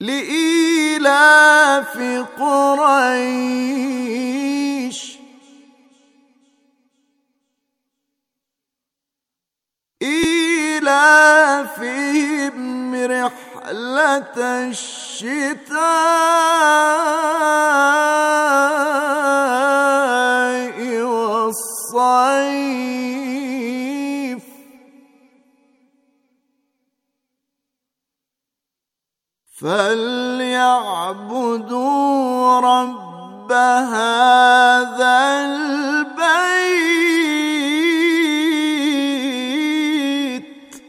لإيلاف قريش إيلافهم رحلة الشتاء والصيف فليعبدوا رب هذا البيت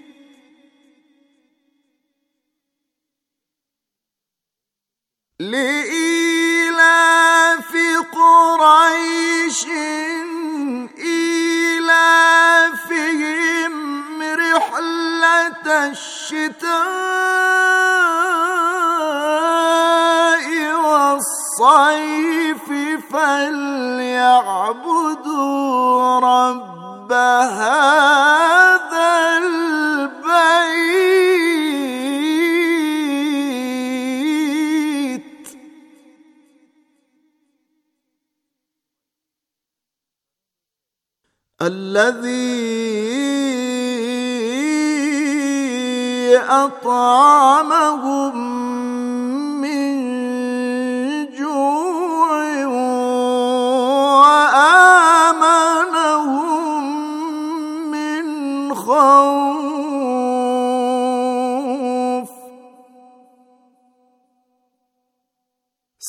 لإيلاف قريش إيلافهم رحلة الشتاء الصيف فال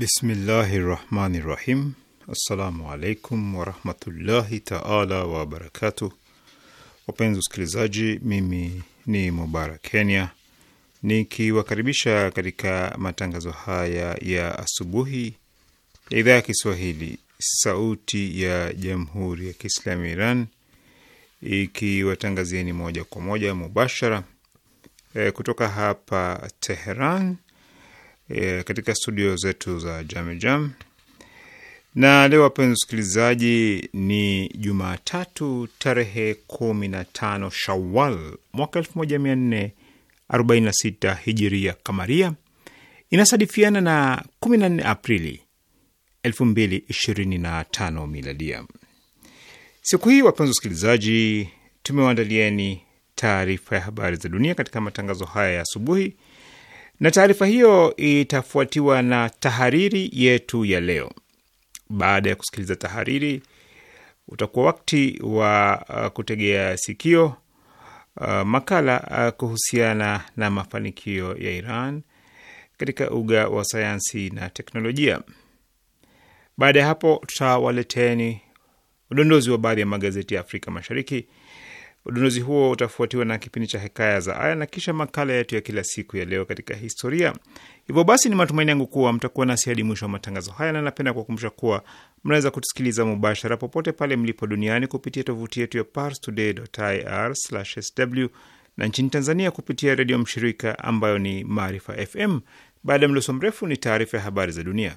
Bismillahi rahmani rahim. Assalamu alaikum warahmatullahi taala wabarakatuh. Wapenzi wasikilizaji, mimi ni Mubarak Kenya nikiwakaribisha katika matangazo haya ya asubuhi ya idhaa ya Kiswahili sauti ya jamhuri ya Kiislamu ya Iran ikiwatangazieni moja kwa moja mubashara eh, kutoka hapa Teheran e, katika studio zetu za Jamejam Jam. Na leo wapenzi wasikilizaji, ni Jumatatu tarehe kumi na tano Shawal mwaka 1446 moja hijiria kamaria, inasadifiana na 14 Aprili 2025 miladia. Siku hii wapenzi wasikilizaji, tumewaandalieni taarifa ya habari za dunia katika matangazo haya ya asubuhi na taarifa hiyo itafuatiwa na tahariri yetu ya leo. Baada ya kusikiliza tahariri, utakuwa wakati wa uh, kutegea sikio uh, makala uh, kuhusiana na mafanikio ya Iran katika uga wa sayansi na teknolojia. Baada ya hapo, tutawaleteni udondozi wa baadhi ya magazeti ya Afrika Mashariki Udondozi huo utafuatiwa na kipindi cha Hekaya za Aya na kisha makala yetu ya kila siku ya Leo katika Historia. Hivyo basi, ni matumaini yangu kuwa mtakuwa nasi hadi mwisho wa matangazo haya, na napenda kuwakumbusha kuwa mnaweza kutusikiliza mubashara popote pale mlipo duniani kupitia tovuti yetu ya parstoday.ir/sw na nchini Tanzania kupitia redio mshirika ambayo ni Maarifa FM. Baada ya mloso mrefu, ni taarifa ya habari za dunia.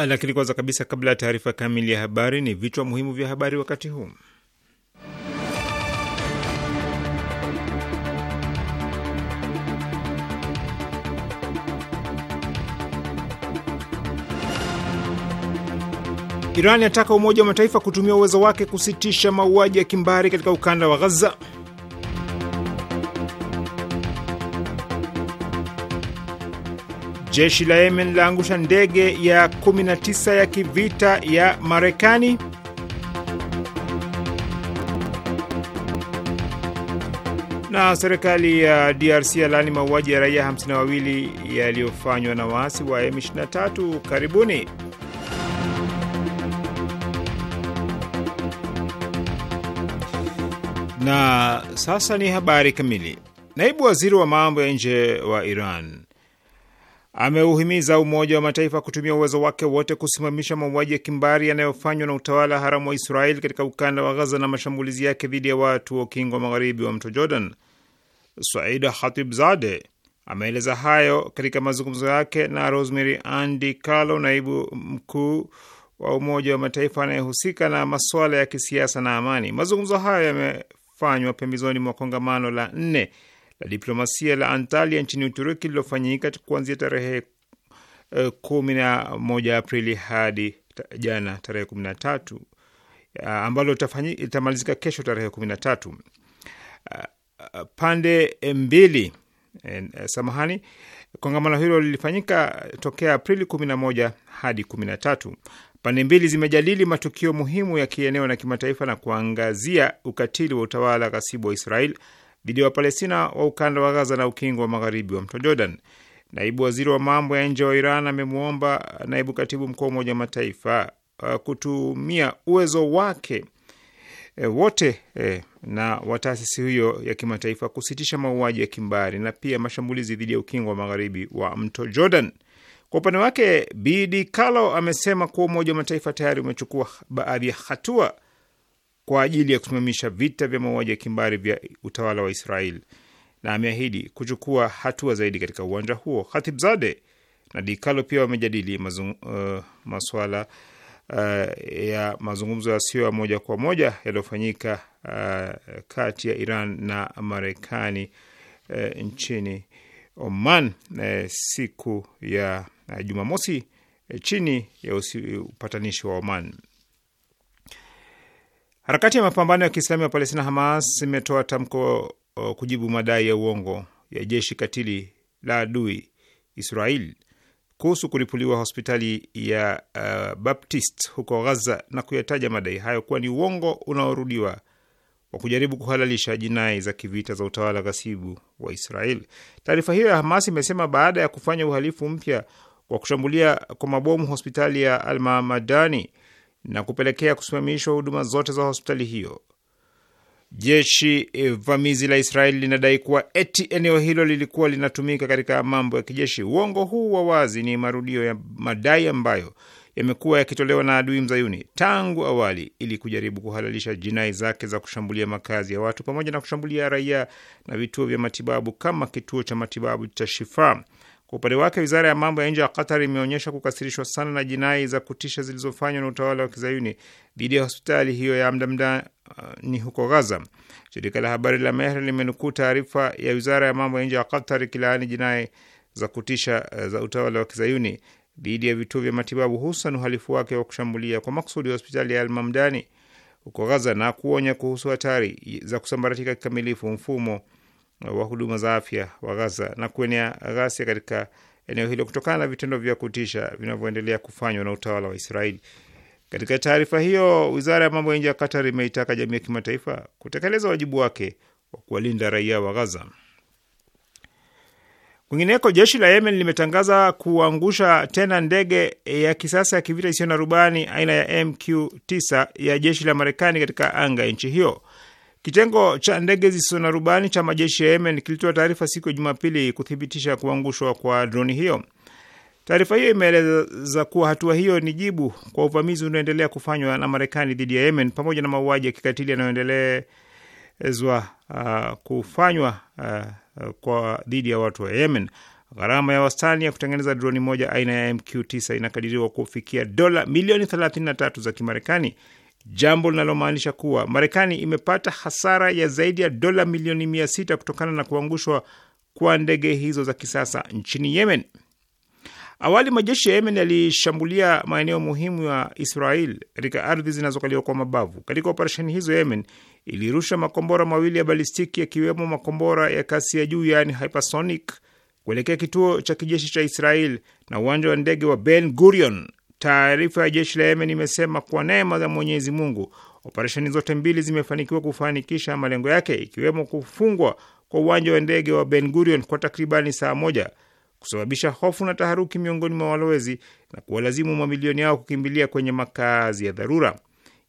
Ah, lakini kwanza kabisa, kabla ya taarifa kamili ya habari, ni vichwa muhimu vya habari wakati huu. Iran yataka Umoja wa Mataifa kutumia uwezo wake kusitisha mauaji ya kimbari katika ukanda wa Gaza. Jeshi la Yemen laangusha ndege ya 19 ya kivita ya Marekani. Na serikali ya DRC yalaani mauaji ya raia 52 yaliyofanywa na waasi wa M23. Karibuni. Na sasa ni habari kamili. Naibu waziri wa mambo ya nje wa Iran ameuhimiza Umoja wa Mataifa kutumia uwezo wake wote kusimamisha mauaji ya kimbari yanayofanywa na utawala haramu wa Israeli katika ukanda wa Gaza na mashambulizi yake dhidi ya watu wa ukingo magharibi wa mto Jordan. said hatibzade ameeleza hayo katika mazungumzo yake na Rosemary Andi Carlo, naibu mkuu wa Umoja wa Mataifa anayehusika na masuala ya kisiasa na amani. Mazungumzo hayo yamefanywa pembezoni mwa kongamano la nne la diplomasia la Antalya nchini Uturuki lilofanyika kuanzia tarehe eh, kumi na moja Aprili hadi jana tarehe kumi na tatu eh, ambalo itamalizika kesho tarehe kumi na tatu eh, pande mbili samahani, kongamano hilo lilifanyika tokea Aprili 11 hadi 13. Pande mbili zimejadili matukio muhimu ya kieneo na kimataifa na kuangazia ukatili wa utawala kasibu wa Israel dhidi ya Wapalestina wa ukanda wa Gaza na ukingo wa magharibi wa mto Jordan. Naibu waziri wa mambo ya nje wa Iran amemwomba naibu katibu mkuu wa Umoja wa Mataifa uh, kutumia uwezo wake e, wote e, na wa taasisi hiyo ya kimataifa kusitisha mauaji ya kimbari na pia mashambulizi dhidi ya ukingo wa magharibi wa mto Jordan. Kwa upande wake, Bidi Kalo amesema kuwa Umoja wa Mataifa tayari umechukua baadhi ya hatua kwa ajili ya kusimamisha vita vya mauaji ya kimbari vya utawala wa Israel na ameahidi kuchukua hatua zaidi katika uwanja huo. Khatibzade na Dikalo pia wamejadili mazung, uh, maswala uh, ya mazungumzo yasiyo ya moja kwa moja yaliyofanyika uh, kati ya Iran na Marekani uh, nchini Oman uh, siku ya uh, Jumamosi uh, chini ya upatanishi wa Oman. Harakati ya mapambano ya Kiislamu ya Palestina Hamas imetoa tamko kujibu madai ya uongo ya jeshi katili la adui Israel kuhusu kulipuliwa hospitali ya uh, Baptist huko Gaza na kuyataja madai hayo kuwa ni uongo unaorudiwa wa kujaribu kuhalalisha jinai za kivita za utawala ghasibu wa Israel. Taarifa hiyo ya Hamas imesema baada ya kufanya uhalifu mpya wa kushambulia kwa mabomu hospitali ya Almamadani na kupelekea kusimamishwa huduma zote za hospitali hiyo. Jeshi eh, vamizi la Israeli linadai kuwa eti eneo hilo lilikuwa linatumika katika mambo ya kijeshi. Uongo huu wa wazi ni marudio ya madai ambayo yamekuwa yakitolewa na adui mzayuni tangu awali ili kujaribu kuhalalisha jinai zake za kushambulia makazi ya watu pamoja na kushambulia raia na vituo vya matibabu kama kituo cha matibabu cha Shifa kwa upande wake, wizara ya mambo ya nje ya Qatar imeonyesha kukasirishwa sana na jinai za kutisha zilizofanywa na utawala wa kizayuni dhidi ya hospitali hiyo ya uh, ni huko Gaza. Shirika la habari la Mehr limenukuu taarifa ya wizara ya mambo ya nje ya Qatar ikilaani jinai za kutisha uh, za utawala wa kizayuni dhidi ya vituo vya matibabu, hususan uhalifu wake wa kushambulia kwa makusudi ya hospitali ya Almamdani huko Gaza na kuonya kuhusu hatari za kusambaratika kikamilifu mfumo wa huduma za afya wa Gaza na kuenea ghasia katika eneo hilo kutokana na vitendo vya kutisha vinavyoendelea kufanywa na utawala wa Israeli. Katika taarifa hiyo, wizara ya mambo ya nje ya Qatar imeitaka jamii ya kimataifa kutekeleza wajibu wake wa kuwalinda raia wa Gaza. Kwingineko, jeshi la Yemen limetangaza kuangusha tena ndege ya kisasa ya kivita isiyo na rubani aina ya MQ9 ya jeshi la Marekani katika anga ya nchi hiyo. Kitengo cha ndege zisizo na rubani cha majeshi ya Yemen kilitoa taarifa siku ya Jumapili kuthibitisha kuangushwa kwa droni hiyo. Taarifa hiyo imeeleza kuwa hatua hiyo ni jibu kwa uvamizi unaoendelea kufanywa na Marekani dhidi ya Yemen pamoja na mauaji ya kikatili yanayoendelezwa uh, kufanywa uh, kwa dhidi ya watu wa Yemen. Gharama ya wastani ya kutengeneza droni moja aina ya MQ9 inakadiriwa kufikia dola milioni 33 za Kimarekani jambo linalomaanisha kuwa Marekani imepata hasara ya zaidi ya dola milioni mia sita kutokana na kuangushwa kwa ndege hizo za kisasa nchini Yemen. Awali majeshi ya Yemen yalishambulia maeneo muhimu ya Israel katika ardhi zinazokaliwa kwa mabavu. Katika operesheni hizo, Yemen ilirusha makombora mawili ya balistiki yakiwemo makombora ya kasi ya juu, yaani hypersonic, kuelekea kituo cha kijeshi cha Israel na uwanja wa ndege wa Ben Gurion. Taarifa ya jeshi la Yemen imesema kwa neema za Mwenyezi Mungu, operesheni zote mbili zimefanikiwa kufanikisha malengo yake, ikiwemo kufungwa kwa uwanja wa ndege wa Ben Gurion kwa takribani saa moja, kusababisha hofu na taharuki miongoni mwa walowezi na kuwalazimu mamilioni yao kukimbilia kwenye makazi ya dharura.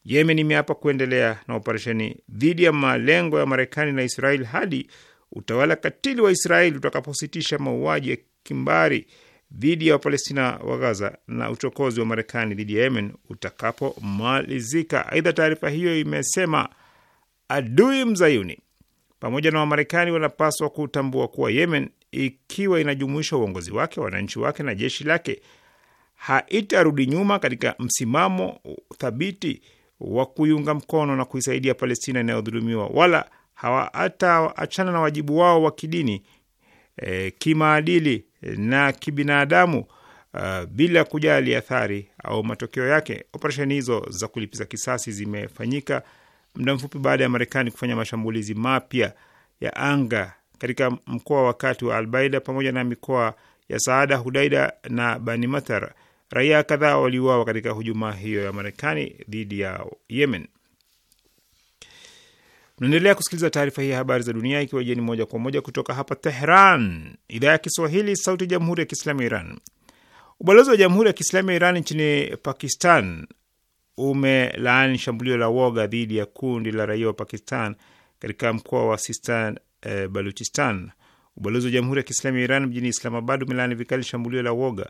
Yemen imeapa kuendelea na operesheni dhidi ya malengo ya Marekani na Israel hadi utawala katili wa Israel utakapositisha mauaji ya kimbari dhidi ya Wapalestina wa Gaza na uchokozi wa Marekani dhidi ya Yemen utakapomalizika. Aidha, taarifa hiyo imesema adui mzayuni pamoja na Wamarekani wanapaswa kutambua kuwa Yemen, ikiwa inajumuisha uongozi wake, wananchi wake na jeshi lake, haitarudi nyuma katika msimamo thabiti wa kuiunga mkono na kuisaidia Palestina inayodhulumiwa, wala hawaataachana na wajibu wao wa kidini, e, kimaadili na kibinadamu uh, bila kujali athari au matokeo yake. Operesheni hizo za kulipiza kisasi zimefanyika muda mfupi baada ya Marekani kufanya mashambulizi mapya ya anga katika mkoa wa kati wa Albaida pamoja na mikoa ya Saada, Hudaida na Bani Matar. Raia kadhaa waliuawa katika hujuma hiyo ya Marekani dhidi ya Yemen. Tunaendelea kusikiliza taarifa hii ya habari za dunia ikiwa jeni moja kwa moja kutoka hapa Tehran, idhaa ya Kiswahili, sauti ya jamhuri ya kiislamu ya Iran. Ubalozi wa jamhuri ya kiislamu ya Iran nchini Pakistan umelaani shambulio la woga dhidi ya kundi la raia wa Pakistan katika mkoa wa Sistan e, Baluchistan. Ubalozi wa jamhuri ya kiislamu ya Iran mjini Islamabad umelaani vikali shambulio la woga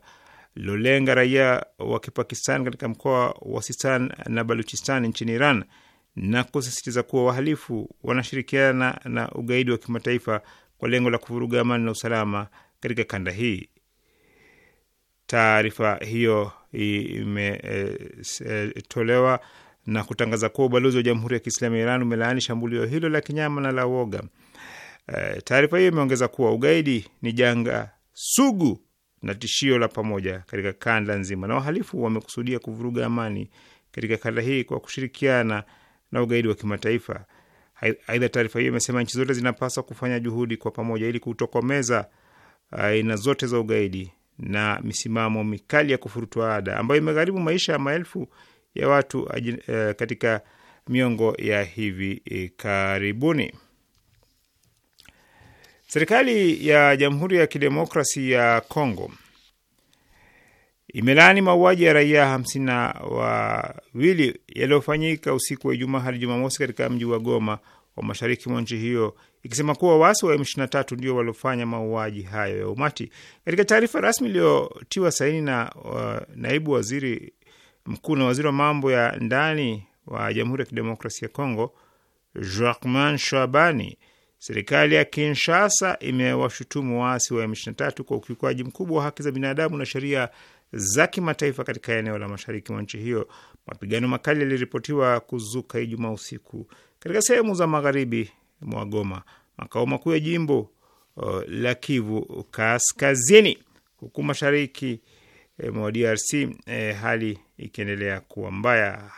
lilolenga raia wa Kipakistan katika mkoa wa Sistan na Baluchistan nchini Iran na kusisitiza kuwa wahalifu wanashirikiana na na ugaidi wa kimataifa kwa lengo la kuvuruga amani na usalama katika kanda hii. Taarifa hiyo imetolewa e, na kutangaza kuwa ubalozi wa Jamhuri ya Kiislamu ya Iran umelaani shambulio hilo la kinyama na la woga. E, taarifa hiyo imeongeza kuwa ugaidi ni janga sugu na tishio la pamoja katika kanda nzima, na wahalifu wamekusudia kuvuruga amani katika kanda hii kwa kushirikiana na ugaidi wa kimataifa. Aidha, taarifa hiyo imesema nchi zote zinapaswa kufanya juhudi kwa pamoja ili kutokomeza ah, aina zote za ugaidi na misimamo mikali ya kufurutwa ada ambayo imegharibu maisha ya maelfu ya watu ah, eh, katika miongo ya hivi eh, karibuni. Serikali ya Jamhuri ya Kidemokrasi ya Kongo imelaani mauaji ya raia hamsini na wawili yaliyofanyika usiku wa Ijumaa hadi Jumamosi katika mji wa Goma wa mashariki mwa nchi hiyo ikisema kuwa waasi wa M23 ndio waliofanya mauaji hayo ya umati. Katika taarifa rasmi iliyotiwa saini na uh, naibu waziri mkuu na waziri wa mambo ya ndani wa Jamhuri ya Kidemokrasia ya Kongo Jacquemain Shabani, serikali ya Kinshasa imewashutumu waasi wa M23 kwa ukiukaji mkubwa wa haki za binadamu na sheria za kimataifa katika eneo la mashariki mwa nchi hiyo. Mapigano makali yaliripotiwa kuzuka Ijumaa usiku katika sehemu za magharibi mwa Goma, makao makuu ya jimbo uh, la Kivu Kaskazini, huku mashariki eh, mwa DRC eh, hali ikiendelea kuwa mbaya.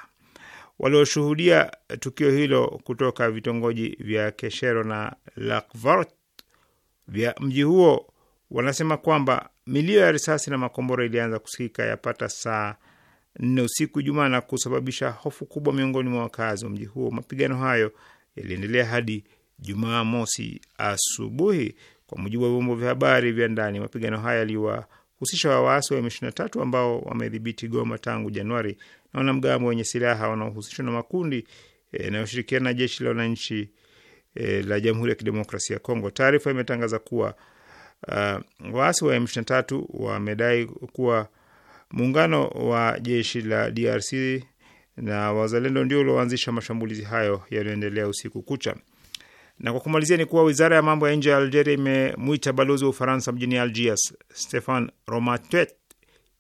Walioshuhudia tukio hilo kutoka vitongoji vya Keshero na Lakvart vya mji huo wanasema kwamba milio ya risasi na makombora ilianza kusikika yapata saa nne usiku Ijumaa na kusababisha hofu kubwa miongoni mwa wakazi wa mji huo. Mapigano hayo yaliendelea hadi Jumaa mosi asubuhi, kwa mujibu wa vyombo vya habari vya ndani. Mapigano hayo yaliwahusisha waasi wa M23 ambao wamedhibiti Goma tangu Januari na wanamgambo wenye silaha wanaohusishwa na makundi yanayoshirikiana e, na jeshi la wananchi e, la Jamhuri ya Kidemokrasia ya Kongo. Taarifa imetangaza kuwa Uh, waasi wa M23 wamedai kuwa muungano wa jeshi la DRC na wazalendo ndio ulioanzisha mashambulizi hayo yanayoendelea usiku kucha. Na kwa kumalizia ni kuwa wizara ya mambo ya nje ya Algeria imemwita balozi wa Ufaransa mjini Algiers Stefan Romatet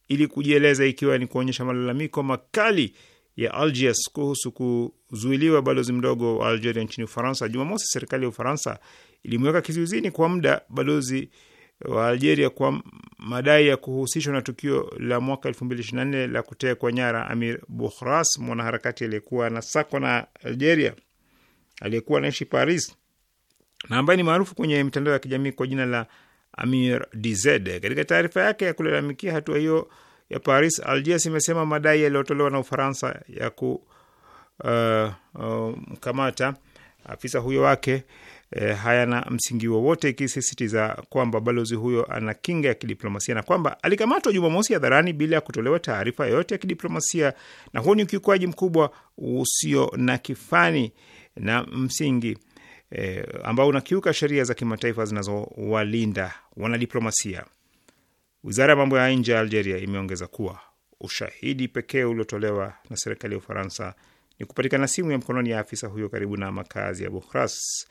ili kujieleza, ikiwa ni kuonyesha malalamiko makali ya Algiers kuhusu kuzuiliwa balozi mdogo wa Algeria nchini Ufaransa. Jumamosi, serikali ya Ufaransa ilimweka kizuizini kwa muda balozi wa Algeria kwa madai ya kuhusishwa na tukio la mwaka 2024 la kutekwa nyara Amir Bukhras, mwanaharakati aliyekuwa anasakwa na Algeria aliyekuwa anaishi Paris na ambaye ni maarufu kwenye mitandao ya kijamii kwa jina la Amir DZ. Katika taarifa yake ya kulalamikia hatua hiyo ya Paris, Algiers imesema madai yaliyotolewa na Ufaransa ya kumkamata uh, uh, afisa huyo wake e, hayana msingi wowote, ikisisitiza kwamba balozi huyo ana kinga ya kidiplomasia na kwamba alikamatwa Jumamosi hadharani bila ya kutolewa taarifa yoyote ya kidiplomasia, na huo ni ukiukaji mkubwa usio na kifani na msingi e, ambao unakiuka sheria za kimataifa zinazowalinda wanadiplomasia. Wizara ya mambo ya nje ya Algeria imeongeza kuwa ushahidi pekee uliotolewa na serikali ya Ufaransa ni kupatikana simu ya mkononi ya afisa huyo karibu na makazi ya Bukhras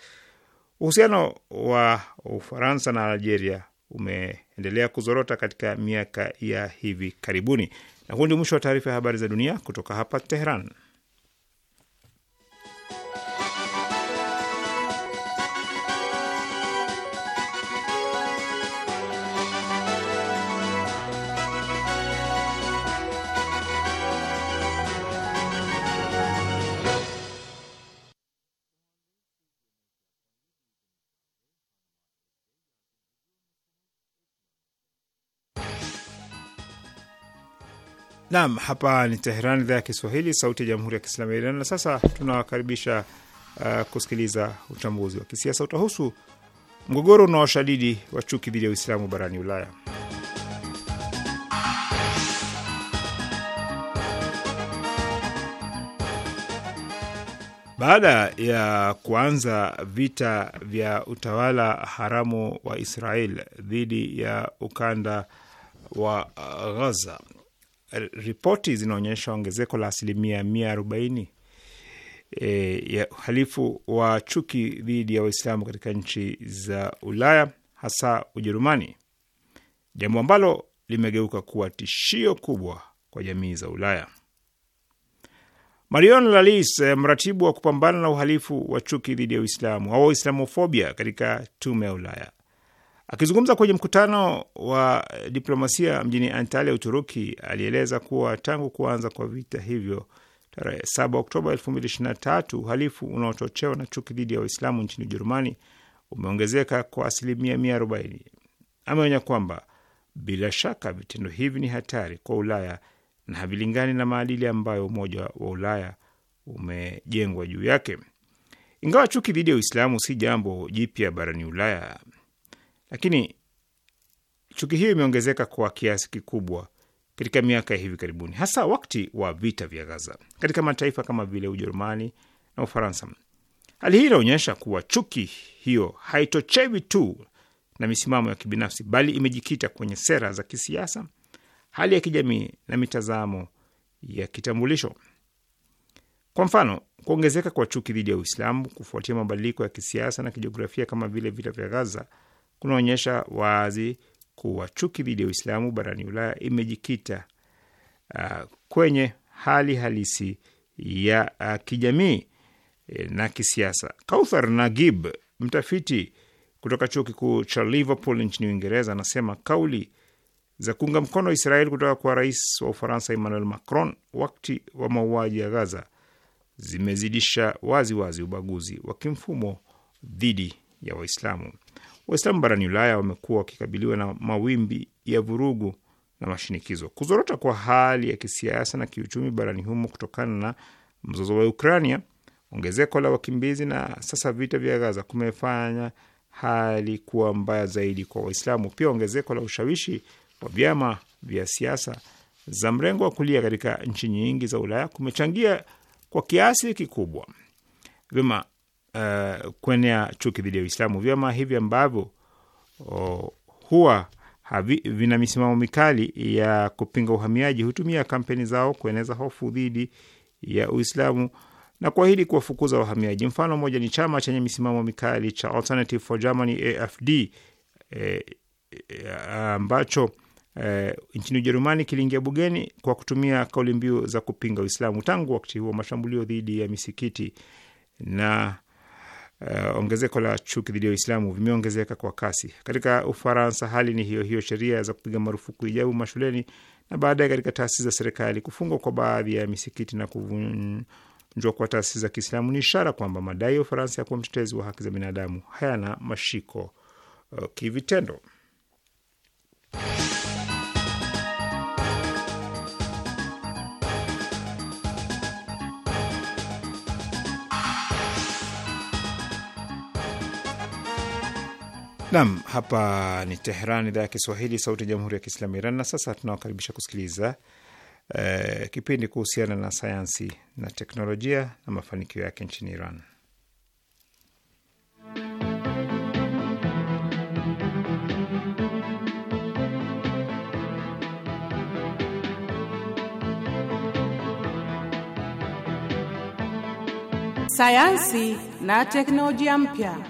Uhusiano wa Ufaransa na Algeria umeendelea kuzorota katika miaka ya hivi karibuni. Na huu ndio mwisho wa taarifa ya habari za dunia kutoka hapa Teheran. Naam, hapa ni Teheran, idhaa ya Kiswahili, sauti ya jamhuri ya kiislamu ya Iran. Na sasa tunawakaribisha uh, kusikiliza uchambuzi wa kisiasa utahusu mgogoro unaoshadidi wa chuki dhidi ya Uislamu barani Ulaya. Baada ya kuanza vita vya utawala haramu wa Israel dhidi ya ukanda wa uh, Ghaza, ripoti zinaonyesha ongezeko la asilimia mia arobaini e, ya uhalifu wa chuki dhidi ya Waislamu katika nchi za Ulaya, hasa Ujerumani, jambo ambalo limegeuka kuwa tishio kubwa kwa jamii za Ulaya. Marion Lalis, e, mratibu wa kupambana na uhalifu wa chuki dhidi ya Uislamu au Islamofobia katika tume ya Ulaya, Akizungumza kwenye mkutano wa diplomasia mjini Antalya, Uturuki, alieleza kuwa tangu kuanza kwa vita hivyo tarehe 7 Oktoba 2023 uhalifu unaochochewa na chuki dhidi ya Waislamu nchini Ujerumani umeongezeka kwa asilimia 140. Ameonya kwamba bila shaka vitendo hivi ni hatari kwa Ulaya na havilingani na maadili ambayo Umoja wa Ulaya umejengwa juu yake. Ingawa chuki dhidi ya Uislamu si jambo jipya barani Ulaya, lakini chuki hiyo imeongezeka kwa kiasi kikubwa katika miaka ya hivi karibuni, hasa wakati wa vita vya Gaza katika mataifa kama vile Ujerumani na Ufaransa. Hali hii inaonyesha kuwa chuki hiyo haitochewi tu na misimamo ya kibinafsi, bali imejikita kwenye sera za kisiasa, hali ya kijamii na mitazamo ya kitambulisho. Kwa mfano, kuongezeka kwa chuki dhidi ya Uislamu kufuatia mabadiliko ya kisiasa na kijiografia kama vile vita vya Gaza kunaonyesha wazi kuwa chuki dhidi ya Uislamu barani Ulaya imejikita uh, kwenye hali halisi ya uh, kijamii eh, na kisiasa. Kauthar Nagib, mtafiti kutoka chuo kikuu cha Liverpool nchini Uingereza, anasema kauli za kuunga mkono israel kutoka kwa rais wa Ufaransa Emmanuel Macron wakati wa mauaji ya Gaza zimezidisha waziwazi wazi ubaguzi wa kimfumo dhidi ya Waislamu. Waislamu barani Ulaya wamekuwa wakikabiliwa na mawimbi ya vurugu na mashinikizo. Kuzorota kwa hali ya kisiasa na kiuchumi barani humo kutokana na mzozo wa Ukrania, ongezeko la wakimbizi na sasa vita vya Gaza kumefanya hali kuwa mbaya zaidi kwa Waislamu. Pia ongezeko la ushawishi wa vyama vya siasa za mrengo wa kulia katika nchi nyingi za Ulaya kumechangia kwa kiasi kikubwa. Vyema, uh, kuenea chuki dhidi ya Uislamu. Vyama hivi ambavyo oh, huwa havi, vina misimamo mikali ya kupinga uhamiaji hutumia kampeni zao kueneza hofu dhidi ya Uislamu na kuahidi kuwafukuza wahamiaji. Mfano mmoja ni chama chenye misimamo mikali cha Alternative for Germany AFD eh, eh, eh, nchini Ujerumani kiliingia bugeni kwa kutumia kauli mbiu za kupinga Uislamu. Tangu wakati huo mashambulio dhidi ya misikiti na Uh, ongezeko la chuki dhidi ya Uislamu vimeongezeka kwa kasi. Katika Ufaransa hali ni hiyo hiyo, sheria za kupiga marufuku hijabu mashuleni na baadaye katika taasisi za serikali, kufungwa kwa baadhi ya misikiti na kuvunjwa kwa taasisi za Kiislamu ni ishara kwamba madai ya Ufaransa ya kuwa mtetezi wa haki za binadamu hayana mashiko uh, kivitendo. Nam, hapa ni Teheran, idhaa ya Kiswahili, sauti ya jamhuri ya kiislamu Iran. Na sasa tunawakaribisha kusikiliza eh, kipindi kuhusiana na sayansi na teknolojia na mafanikio yake nchini Iran. Sayansi na teknolojia mpya.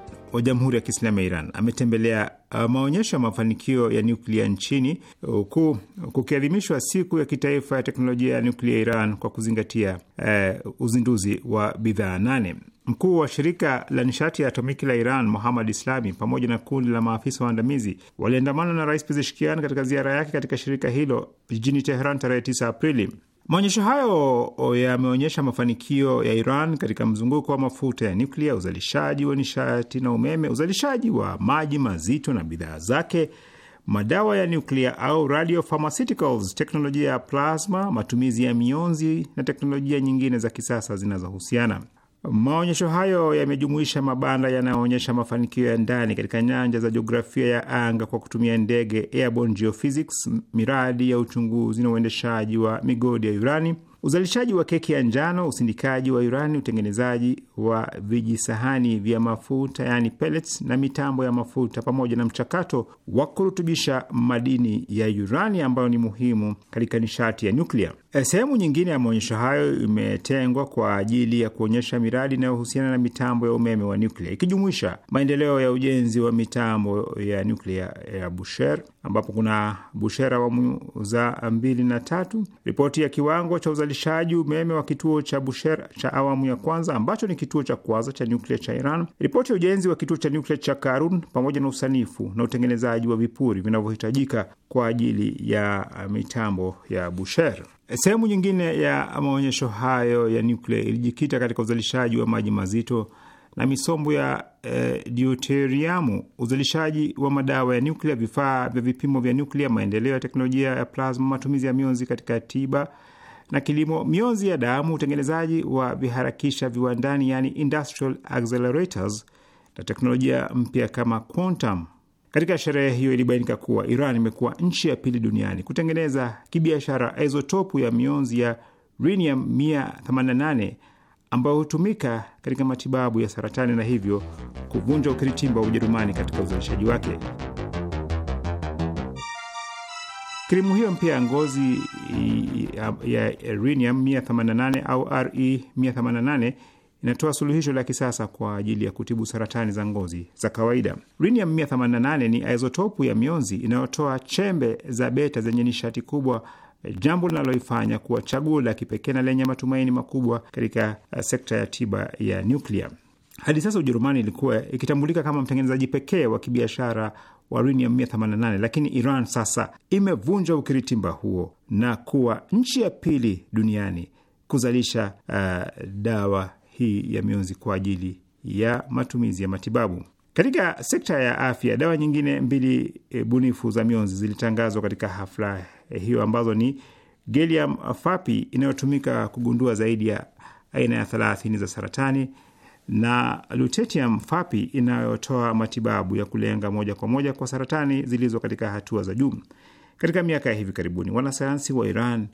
wa Jamhuri ya Kiislamu ya Iran ametembelea uh, maonyesho ya mafanikio ya nyuklia nchini huku uh, kukiadhimishwa siku ya kitaifa ya teknolojia ya nyuklia Iran kwa kuzingatia eh, uzinduzi wa bidhaa nane. Mkuu wa shirika la nishati ya atomiki la Iran Muhammad Islami pamoja na kundi la maafisa waandamizi waliandamana na Rais Pezeshkian katika ziara yake katika shirika hilo jijini Teheran tarehe 9 Aprili. Maonyesho hayo yameonyesha mafanikio ya Iran katika mzunguko wa mafuta ya nuklia, uzalishaji wa nishati na umeme, uzalishaji wa maji mazito na bidhaa zake, madawa ya nuklia au radio pharmaceuticals, teknolojia ya plasma, matumizi ya mionzi na teknolojia nyingine za kisasa zinazohusiana. Maonyesho hayo yamejumuisha mabanda yanayoonyesha mafanikio ya ndani katika nyanja za jiografia ya anga kwa kutumia ndege, airborne geophysics, miradi ya uchunguzi na uendeshaji wa migodi ya urani, uzalishaji wa keki ya njano, usindikaji wa urani, utengenezaji wa vijisahani vya mafuta yani pellets, na mitambo ya mafuta pamoja na mchakato wa kurutubisha madini ya urani ambayo ni muhimu katika nishati ya nyuklia. Eh, sehemu nyingine ya maonyesho hayo imetengwa kwa ajili ya kuonyesha miradi inayohusiana na mitambo ya umeme wa nuklia ikijumuisha maendeleo ya ujenzi wa mitambo ya nuklia ya Busher ambapo kuna Busher awamu za mbili na tatu, ripoti ya kiwango cha uzalishaji umeme wa kituo cha Busher cha awamu ya kwanza ambacho ni kituo cha kwanza cha nuklia cha Iran, ripoti ya ujenzi wa kituo cha nuklia cha Karun pamoja na usanifu na utengenezaji wa vipuri vinavyohitajika kwa ajili ya mitambo ya Busher. Sehemu nyingine ya maonyesho hayo ya nuklia ilijikita katika uzalishaji wa maji mazito na misombo ya e, eh, deuteriamu, uzalishaji wa madawa ya nuklia, vifaa vya vipimo vya nuklia, maendeleo ya teknolojia ya plasma, matumizi ya mionzi katika tiba na kilimo, mionzi ya damu, utengenezaji wa viharakisha viwandani, yani industrial accelerators, na teknolojia mpya kama quantum. Katika sherehe hiyo ilibainika kuwa Iran imekuwa nchi ya pili duniani kutengeneza kibiashara izotopu ya mionzi ya rhenium 188 ambayo hutumika katika matibabu ya saratani na hivyo kuvunja ukiritimba wa Ujerumani katika uzalishaji wake. Krimu hiyo mpya ya ngozi ya rhenium 188 au Re inatoa suluhisho la kisasa kwa ajili ya kutibu saratani za ngozi za kawaida. Rhenium 188 ni isotopu ya mionzi inayotoa chembe za beta zenye nishati kubwa, jambo linaloifanya kuwa chaguo la kipekee na lenye matumaini makubwa katika eh, sekta ya tiba ya nyuklia. Hadi sasa Ujerumani ilikuwa ikitambulika kama mtengenezaji pekee wa kibiashara wa rhenium 188, lakini Iran sasa imevunja ukiritimba huo na kuwa nchi ya pili duniani kuzalisha uh, dawa hii ya mionzi kwa ajili ya matumizi ya matibabu. Katika sekta ya afya, dawa nyingine mbili e, bunifu za mionzi zilitangazwa katika hafla e, hiyo ambazo ni gallium fapi inayotumika kugundua zaidi ya aina ya thelathini za saratani na lutetium fapi inayotoa matibabu ya kulenga moja kwa moja kwa saratani zilizo katika hatua za juu. Katika miaka ya hivi karibuni, wanasayansi wa Iran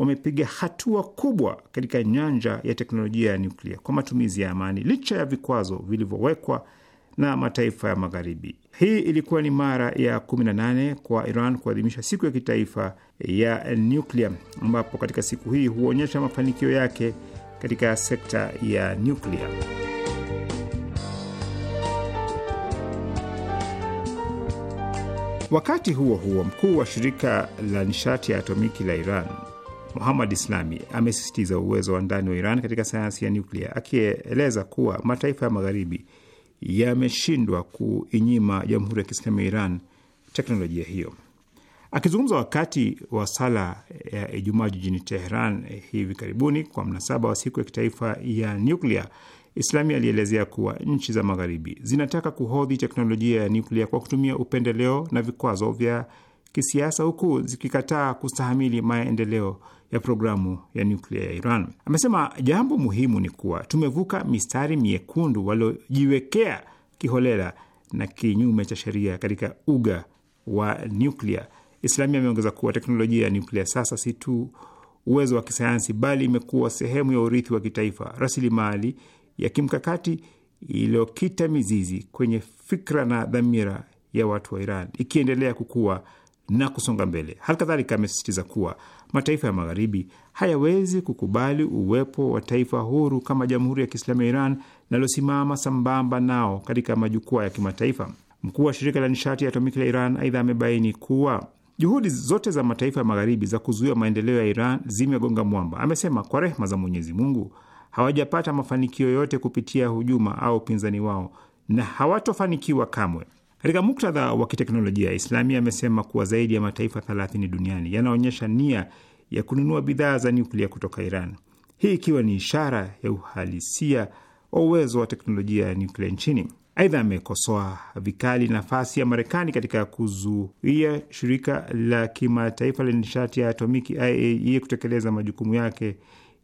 wamepiga hatua kubwa katika nyanja ya teknolojia ya nyuklia kwa matumizi ya amani licha ya vikwazo vilivyowekwa na mataifa ya Magharibi. Hii ilikuwa ni mara ya 18 kwa Iran kuadhimisha siku ya kitaifa ya nyuklia, ambapo katika siku hii huonyesha mafanikio yake katika sekta ya nyuklia. Wakati huo huo, mkuu wa shirika la nishati ya atomiki la Iran Muhamad Islami amesisitiza uwezo wa ndani wa Iran katika sayansi ya nyuklia, akieleza kuwa mataifa ya Magharibi yameshindwa kuinyima Jamhuri ya Kiislamu ya Iran teknolojia hiyo. Akizungumza wakati wa sala ya Ijumaa jijini Teheran hivi karibuni kwa mnasaba wa siku ya kitaifa ya nyuklia, Islami alielezea kuwa nchi za Magharibi zinataka kuhodhi teknolojia ya nyuklia kwa kutumia upendeleo na vikwazo vya kisiasa, huku zikikataa kustahamili maendeleo ya programu ya nyuklia ya Iran. Amesema jambo muhimu ni kuwa tumevuka mistari miekundu waliojiwekea kiholela na kinyume cha sheria katika uga wa nyuklia. islami ameongeza kuwa teknolojia ya nyuklia sasa si tu uwezo wa kisayansi, bali imekuwa sehemu ya urithi wa kitaifa, rasilimali ya kimkakati iliyokita mizizi kwenye fikra na dhamira ya watu wa Iran, ikiendelea kukua na kusonga mbele. Hali kadhalika amesisitiza kuwa mataifa ya Magharibi hayawezi kukubali uwepo wa taifa huru kama Jamhuri ya Kiislamu ya Iran linalosimama sambamba nao katika majukwaa ya kimataifa. Mkuu wa shirika la nishati ya atomiki la Iran aidha amebaini kuwa juhudi zote za mataifa ya Magharibi za kuzuia maendeleo ya Iran zimegonga mwamba. Amesema kwa rehma za Mwenyezi Mungu hawajapata mafanikio yote kupitia hujuma au upinzani wao na hawatofanikiwa kamwe. Katika muktadha wa kiteknolojia, Islamia amesema kuwa zaidi ya mataifa 30 duniani yanaonyesha nia ya kununua bidhaa za nyuklia kutoka Iran, hii ikiwa ni ishara ya uhalisia wa uwezo wa teknolojia ya nyuklia nchini. Aidha, amekosoa vikali nafasi ya Marekani katika kuzuia shirika la kimataifa la nishati ya atomiki IAEA e, kutekeleza majukumu yake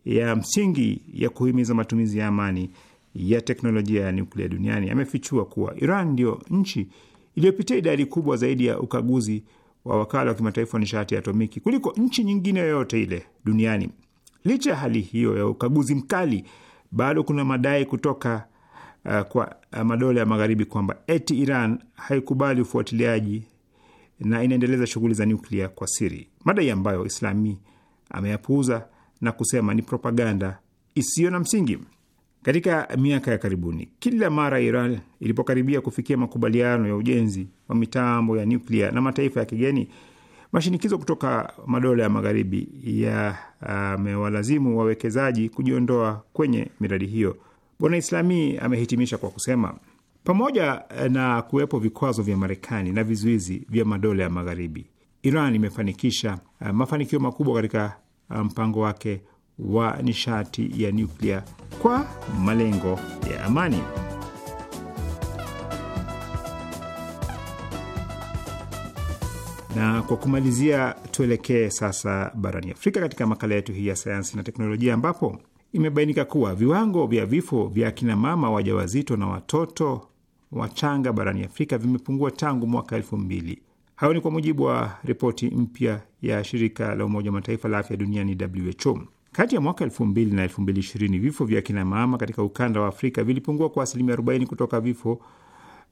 ya msingi ya kuhimiza matumizi ya amani ya teknolojia ya nyuklia duniani amefichua kuwa Iran ndio nchi iliyopitia idadi kubwa zaidi ya ukaguzi wa wakala wa kimataifa wa nishati ya atomiki kuliko nchi nyingine yoyote ile duniani. Licha ya hali hiyo ya ukaguzi mkali, bado kuna madai kutoka uh, kwa uh, madola ya magharibi kwamba eti Iran haikubali ufuatiliaji na inaendeleza shughuli za nyuklia kwa siri, madai ambayo Islami ameyapuuza na kusema ni propaganda isiyo na msingi. Katika miaka ya karibuni, kila mara Iran ilipokaribia kufikia makubaliano ya ujenzi wa mitambo ya nyuklia na mataifa ya kigeni, mashinikizo kutoka madola ya magharibi yamewalazimu uh, wawekezaji kujiondoa kwenye miradi hiyo. Bwana Islami amehitimisha kwa kusema, pamoja na kuwepo vikwazo vya Marekani na vizuizi vya madola ya magharibi, Iran imefanikisha uh, mafanikio makubwa katika eh, mpango um, wake wa nishati ya nyuklia kwa malengo ya amani. Na kwa kumalizia, tuelekee sasa barani Afrika katika makala yetu hii ya sayansi na teknolojia, ambapo imebainika kuwa viwango vya vifo vya akinamama wajawazito na watoto wachanga barani Afrika vimepungua tangu mwaka elfu mbili. Hayo ni kwa mujibu wa ripoti mpya ya shirika la Umoja wa Mataifa la afya duniani WHO. Kati ya mwaka 2000 na 2020 vifo vya kinamama katika ukanda wa Afrika vilipungua kwa asilimia 40 kutoka vifo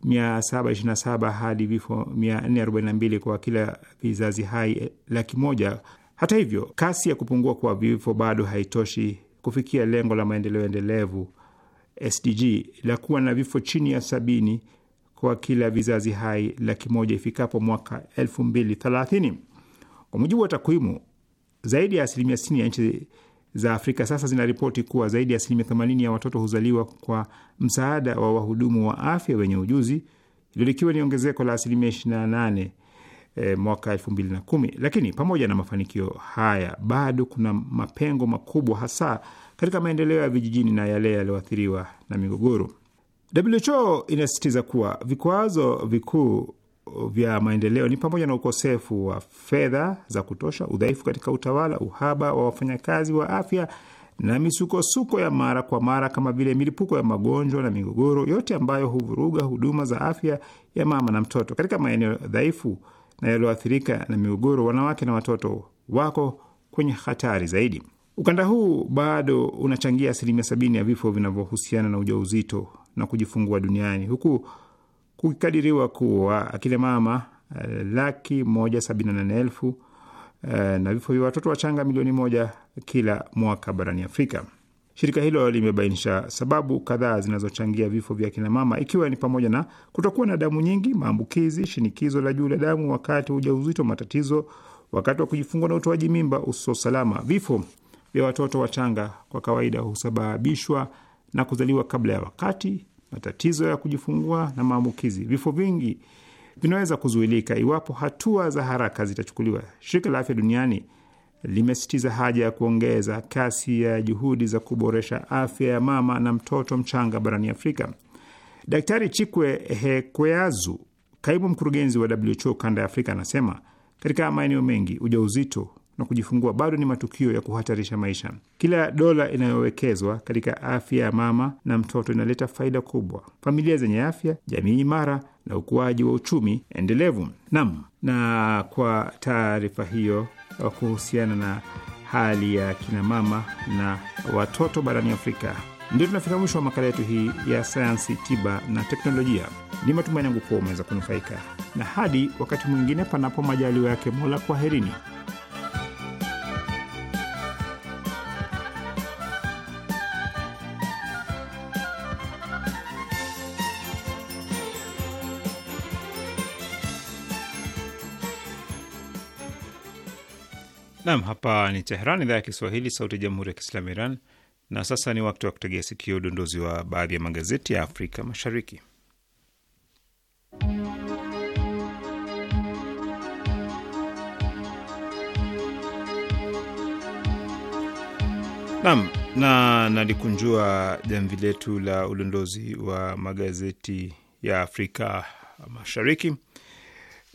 727 hadi vifo 442 kwa kila vizazi hai eh, laki moja. Hata hivyo, kasi ya kupungua kwa vifo bado haitoshi kufikia lengo la maendeleo endelevu SDG la kuwa na vifo chini ya sabini kwa kila vizazi hai laki moja ifikapo mwaka 2030. Kwa mujibu wa takwimu, zaidi ya asilimia 60 ya nchi za Afrika sasa zinaripoti kuwa zaidi ya asilimia 80 ya watoto huzaliwa kwa msaada wa wahudumu wa afya wenye ujuzi, hilo likiwa ni ongezeko la asilimia 28 e, eh, mwaka 2010. Lakini pamoja na mafanikio haya, bado kuna mapengo makubwa, hasa katika maendeleo ya vijijini na yale yaliyoathiriwa na migogoro. WHO inasisitiza kuwa vikwazo vikuu vya maendeleo ni pamoja na ukosefu wa fedha za kutosha, udhaifu katika utawala, uhaba wa wafanyakazi wa afya na misukosuko ya mara kwa mara kama vile milipuko ya magonjwa na migogoro, yote ambayo huvuruga huduma za afya ya mama na mtoto. Katika maeneo dhaifu na yaliyoathirika na migogoro, wanawake na watoto wako kwenye hatari zaidi. Ukanda huu bado unachangia asilimia sabini ya vifo vinavyohusiana na ujauzito na kujifungua duniani huku kukadiriwa kuwa akina mama eh, laki moja sabini na nane elfu eh, na vifo vya watoto wachanga milioni moja kila mwaka barani Afrika. Shirika hilo limebainisha sababu kadhaa zinazochangia vifo vya kina mama ikiwa ni pamoja na kutokuwa na damu nyingi, maambukizi, shinikizo la juu la damu wakati wa ujauzito, matatizo wakati wa kujifungua na utoaji mimba usio salama. Vifo vya watoto wachanga kwa kawaida husababishwa na kuzaliwa kabla ya wakati matatizo ya kujifungua na maambukizi. Vifo vingi vinaweza kuzuilika iwapo hatua za haraka zitachukuliwa. Shirika la Afya Duniani limesitiza haja ya kuongeza kasi ya juhudi za kuboresha afya ya mama na mtoto mchanga barani Afrika. Daktari Chikwe Hekweazu, kaimu mkurugenzi wa WHO kanda ya Afrika, anasema katika maeneo mengi ujauzito na kujifungua bado ni matukio ya kuhatarisha maisha. Kila dola inayowekezwa katika afya ya mama na mtoto inaleta faida kubwa, familia zenye afya, jamii imara na ukuaji wa uchumi endelevu. Nam, na kwa taarifa hiyo uh, kuhusiana na hali ya kinamama na watoto barani Afrika, ndio tunafika mwisho wa makala yetu hii ya sayansi, tiba na teknolojia. Ni matumaini yangu kuwa umeweza kunufaika, na hadi wakati mwingine, panapo majaliwa yake Mola, kwaherini. Nam, hapa ni Tehran, idhaa ya Kiswahili, sauti ya jamhuri ya kiislamu Iran. Na sasa ni wakati wa kutegea sikio udondozi wa baadhi ya magazeti ya Afrika Mashariki. Nam, na nalikunjua jamvi letu la udondozi wa magazeti ya Afrika Mashariki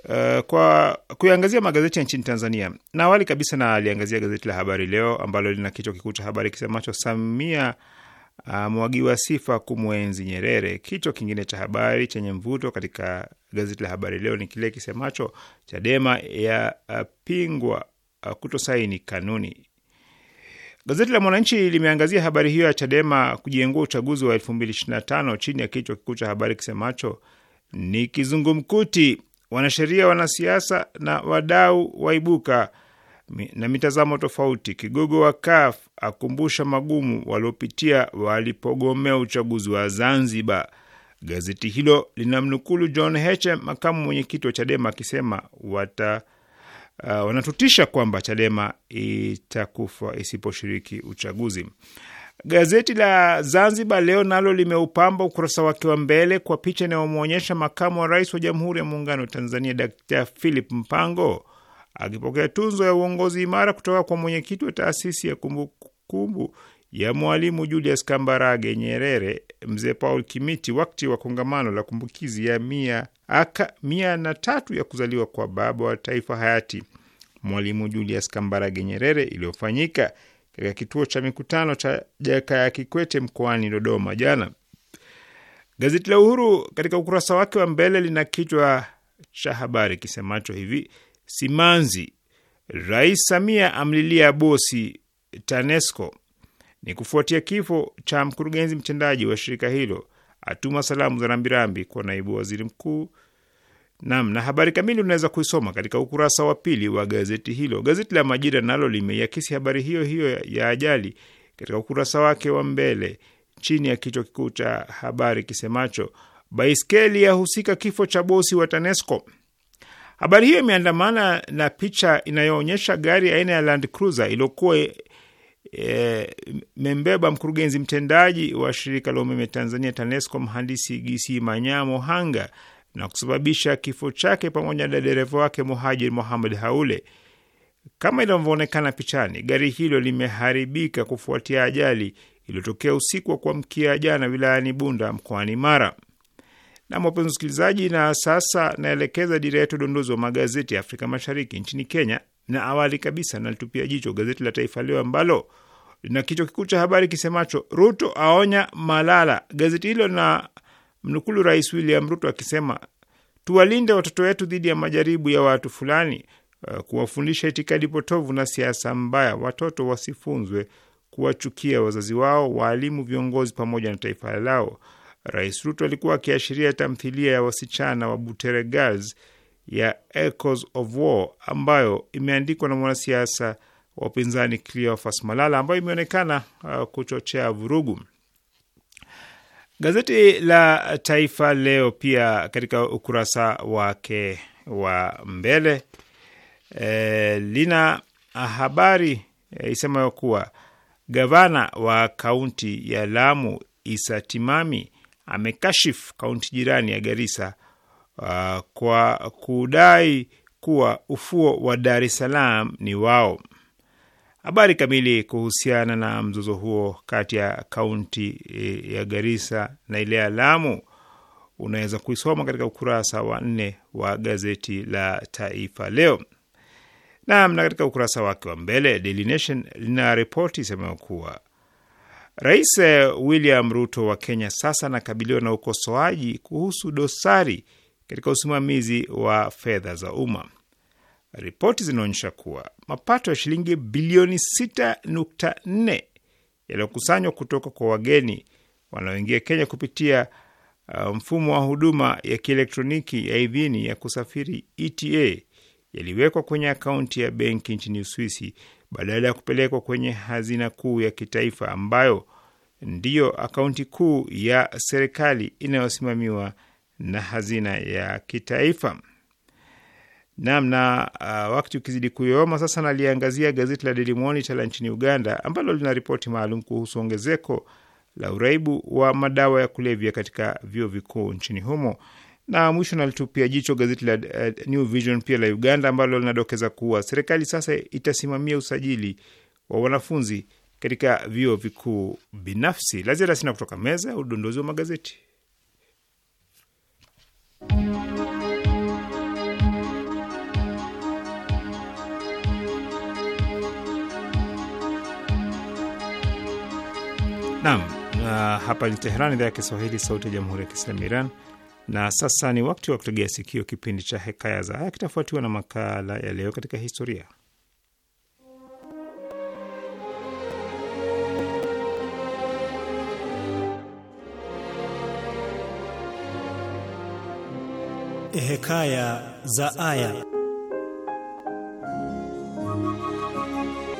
Eh, kwa kuiangazia magazeti ya nchini Tanzania na awali kabisa na aliangazia gazeti la Habari Leo ambalo lina kichwa kikuu cha habari kisemacho Samia amwagiwa ah, uh, sifa kumwenzi Nyerere. Kichwa kingine cha habari chenye mvuto katika gazeti la Habari Leo ni kile kisemacho Chadema ya uh, pingwa uh, kutosaini kanuni. Gazeti la Mwananchi limeangazia habari hiyo ya Chadema kujiengua uchaguzi wa 2025 chini ya kichwa kikuu cha habari kisemacho ni kizungumkuti Wanasheria, wanasiasa na wadau waibuka na mitazamo tofauti. Kigogo wa CUF akumbusha magumu waliopitia walipogomea uchaguzi wa Zanzibar. Gazeti hilo linamnukulu John Heche, makamu mwenyekiti wa Chadema, akisema wata uh, wanatutisha kwamba Chadema itakufa isiposhiriki uchaguzi. Gazeti la Zanzibar Leo nalo limeupamba ukurasa wake wa mbele kwa picha inayomwonyesha makamu wa rais wa Jamhuri ya Muungano wa Tanzania Dr Philip Mpango akipokea tunzo ya uongozi imara kutoka kwa mwenyekiti wa taasisi ya kumbukumbu kumbu ya Mwalimu Julius Kambarage Nyerere, Mzee Paul Kimiti, wakati wa kongamano la kumbukizi ya mia aka mia na tatu ya kuzaliwa kwa baba wa taifa hayati Mwalimu Julius Kambarage Nyerere iliyofanyika katika kituo cha mikutano cha Jakaya Kikwete mkoani Dodoma jana. Gazeti la Uhuru katika ukurasa wake wa mbele lina kichwa cha habari kisemacho hivi: simanzi Rais Samia amlilia bosi TANESCO. Ni kufuatia kifo cha mkurugenzi mtendaji wa shirika hilo. Atuma salamu za rambirambi kwa naibu waziri mkuu Naam, na habari kamili unaweza kuisoma katika ukurasa wa pili wa gazeti hilo. Gazeti la Majira nalo limeiakisi habari hiyo hiyo ya ajali katika ukurasa wake wa mbele chini ya kichwa kikuu cha habari kisemacho baiskeli yahusika kifo cha bosi wa TANESCO. Habari hiyo imeandamana na picha inayoonyesha gari aina ya Land Cruiser iliyokuwa eh, imembeba e, mkurugenzi mtendaji wa shirika la umeme Tanzania TANESCO, mhandisi Gisi Manyamo Hanga na kusababisha kifo chake pamoja na dereva wake Muhajir Mohamed Haule. Kama inavyoonekana pichani, gari hilo limeharibika kufuatia ajali iliyotokea usiku wa kuamkia jana wilayani Bunda mkoani Mara. Na wapenzi msikilizaji, na sasa naelekeza dira yetu dondozi wa magazeti ya Afrika Mashariki nchini Kenya, na awali kabisa nalitupia jicho gazeti la Taifa Leo ambalo lina kichwa kikuu cha habari kisemacho Ruto aonya Malala. Gazeti hilo na mnukulu Rais William Ruto akisema tuwalinde watoto wetu dhidi ya majaribu ya watu fulani, uh, kuwafundisha itikadi potovu na siasa mbaya. Watoto wasifunzwe kuwachukia wazazi wao, waalimu, viongozi pamoja na taifa lao. Rais Ruto alikuwa akiashiria tamthilia ya wasichana wa Butere Girls ya Echoes of War ambayo imeandikwa na mwanasiasa wa upinzani Cleophas Malala ambayo imeonekana uh, kuchochea vurugu. Gazeti la Taifa Leo pia katika ukurasa wake wa mbele e, lina habari e, isemayo kuwa gavana wa kaunti ya Lamu Isa Timami amekashifu kaunti jirani ya Garissa uh, kwa kudai kuwa ufuo wa Dar es Salaam ni wao. Habari kamili kuhusiana na mzozo huo kati ya kaunti e, ya Garissa na ile ya Lamu unaweza kuisoma katika ukurasa wa nne wa gazeti la Taifa Leo. Naam, na katika ukurasa wake wa mbele Daily Nation lina ripoti isemayo kuwa Rais e, William Ruto wa Kenya sasa anakabiliwa na ukosoaji kuhusu dosari katika usimamizi wa fedha za umma. Ripoti zinaonyesha kuwa mapato ya shilingi bilioni 6.4 yaliyokusanywa kutoka kwa wageni wanaoingia Kenya kupitia uh, mfumo wa huduma ya kielektroniki ya idhini ya kusafiri ETA yaliwekwa kwenye akaunti ya benki nchini Uswisi badala ya kupelekwa kwenye hazina kuu ya kitaifa ambayo ndiyo akaunti kuu ya serikali inayosimamiwa na hazina ya kitaifa. Naam, na uh, wakati ukizidi kuyoma sasa, naliangazia gazeti la Daily Monitor la nchini Uganda ambalo lina ripoti maalum kuhusu ongezeko la uraibu wa madawa ya kulevya katika vyuo vikuu nchini humo. Na mwisho nalitupia jicho gazeti la uh, New Vision pia la Uganda ambalo linadokeza kuwa serikali sasa itasimamia usajili wa wanafunzi katika vyuo vikuu binafsi. La ziada sina kutoka meza ya udondozi wa magazeti. nam na hapa ni Teheran, idhaa ya Kiswahili, sauti ya jamhuri ya kiislamu Iran. Na sasa ni wakati wa kutegea sikio kipindi cha Hekaya za Aya, kitafuatiwa na makala ya Leo katika Historia. Hekaya za Aya.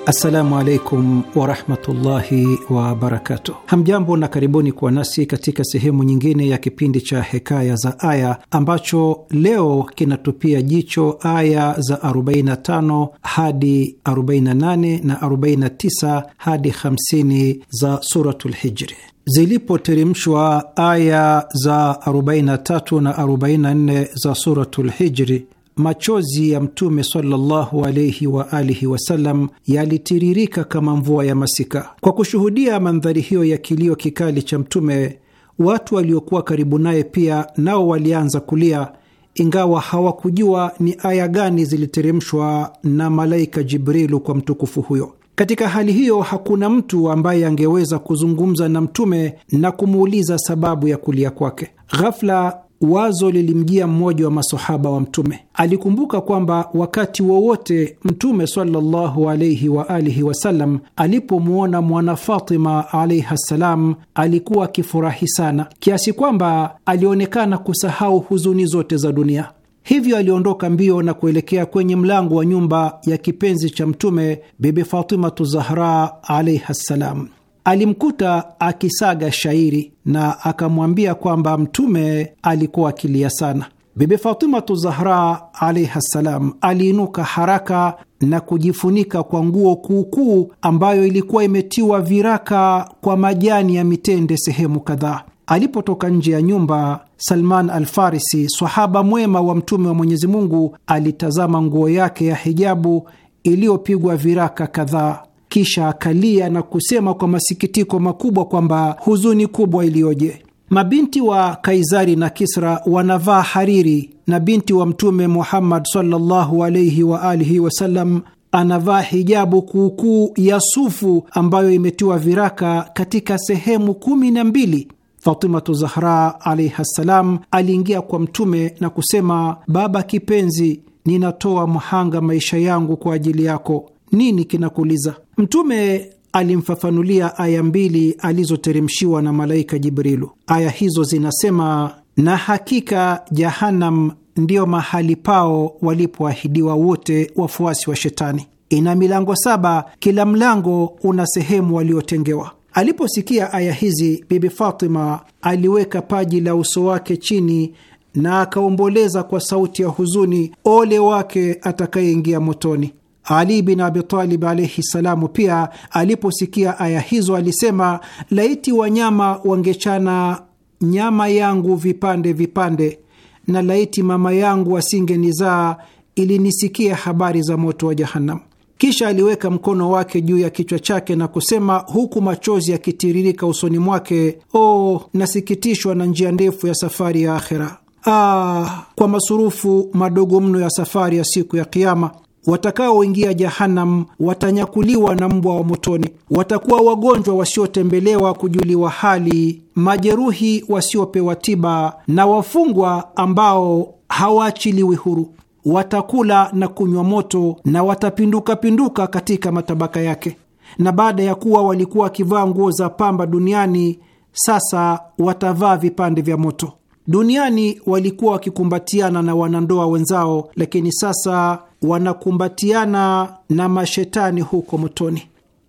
Assalamu alaikum warahmatullahi wabarakatu. Hamjambo na karibuni kuwa nasi katika sehemu nyingine ya kipindi cha Hekaya za Aya ambacho leo kinatupia jicho aya za 45 hadi 48 na 49 hadi 50 za suratu lhijri Zilipoteremshwa aya za 43 na 44 za suratu lhijri machozi ya Mtume sallallahu alaihi wa alihi wasallam yalitiririka kama mvua ya masika. Kwa kushuhudia mandhari hiyo ya kilio kikali cha Mtume, watu waliokuwa karibu naye pia nao walianza kulia, ingawa hawakujua ni aya gani ziliteremshwa na malaika Jibrilu kwa mtukufu huyo. Katika hali hiyo, hakuna mtu ambaye angeweza kuzungumza na Mtume na kumuuliza sababu ya kulia kwake. Ghafla wazo lilimjia mmoja wa masohaba wa Mtume. Alikumbuka kwamba wakati wowote Mtume sallallahu alaihi wa alihi wasallam alipomwona mwana Fatima alaihi ssalam alikuwa akifurahi sana kiasi kwamba alionekana kusahau huzuni zote za dunia. Hivyo aliondoka mbio na kuelekea kwenye mlango wa nyumba ya kipenzi cha Mtume, Bibi Fatimatu Zahra alaihi ssalam alimkuta akisaga shairi na akamwambia kwamba Mtume alikuwa akilia sana. Bibi Fatimatu Zahra alaihi ssalam aliinuka haraka na kujifunika kwa nguo kuukuu ambayo ilikuwa imetiwa viraka kwa majani ya mitende sehemu kadhaa. Alipotoka nje ya nyumba, Salman Alfarisi, swahaba mwema wa Mtume wa Mwenyezi Mungu, alitazama nguo yake ya hijabu iliyopigwa viraka kadhaa kisha akalia na kusema kwa masikitiko makubwa kwamba huzuni kubwa iliyoje! Mabinti wa Kaisari na Kisra wanavaa hariri na binti wa Mtume Muhammad sallallahu alaihi wa alihi wasallam anavaa hijabu kuukuu ya sufu ambayo imetiwa viraka katika sehemu kumi na mbili. Fatimatu Zahra alaihi ssalam aliingia kwa Mtume na kusema, baba kipenzi, ninatoa mhanga maisha yangu kwa ajili yako nini kinakuuliza? Mtume alimfafanulia aya mbili alizoteremshiwa na malaika Jibrilu. Aya hizo zinasema, na hakika Jahanam ndiyo mahali pao walipoahidiwa wote wafuasi wa Shetani, ina milango saba, kila mlango una sehemu waliotengewa. Aliposikia aya hizi, Bibi Fatima aliweka paji la uso wake chini na akaomboleza kwa sauti ya huzuni, ole wake atakayeingia motoni. Ali bin Abitalib alaihi salamu pia aliposikia aya hizo alisema, laiti wanyama wangechana nyama yangu vipande vipande, na laiti mama yangu asingenizaa ili nisikie habari za moto wa Jahannam. Kisha aliweka mkono wake juu ya kichwa chake na kusema huku machozi yakitiririka usoni mwake, o oh, nasikitishwa na njia ndefu ya safari ya akhera. Ah, kwa masurufu madogo mno ya safari ya siku ya Kiama. Watakaoingia Jahanam watanyakuliwa na mbwa wa motoni. Watakuwa wagonjwa wasiotembelewa kujuliwa hali, majeruhi wasiopewa tiba, na wafungwa ambao hawaachiliwi huru. Watakula na kunywa moto na watapindukapinduka katika matabaka yake. Na baada ya kuwa walikuwa wakivaa nguo za pamba duniani, sasa watavaa vipande vya moto. Duniani walikuwa wakikumbatiana na wanandoa wenzao, lakini sasa wanakumbatiana na mashetani huko motoni.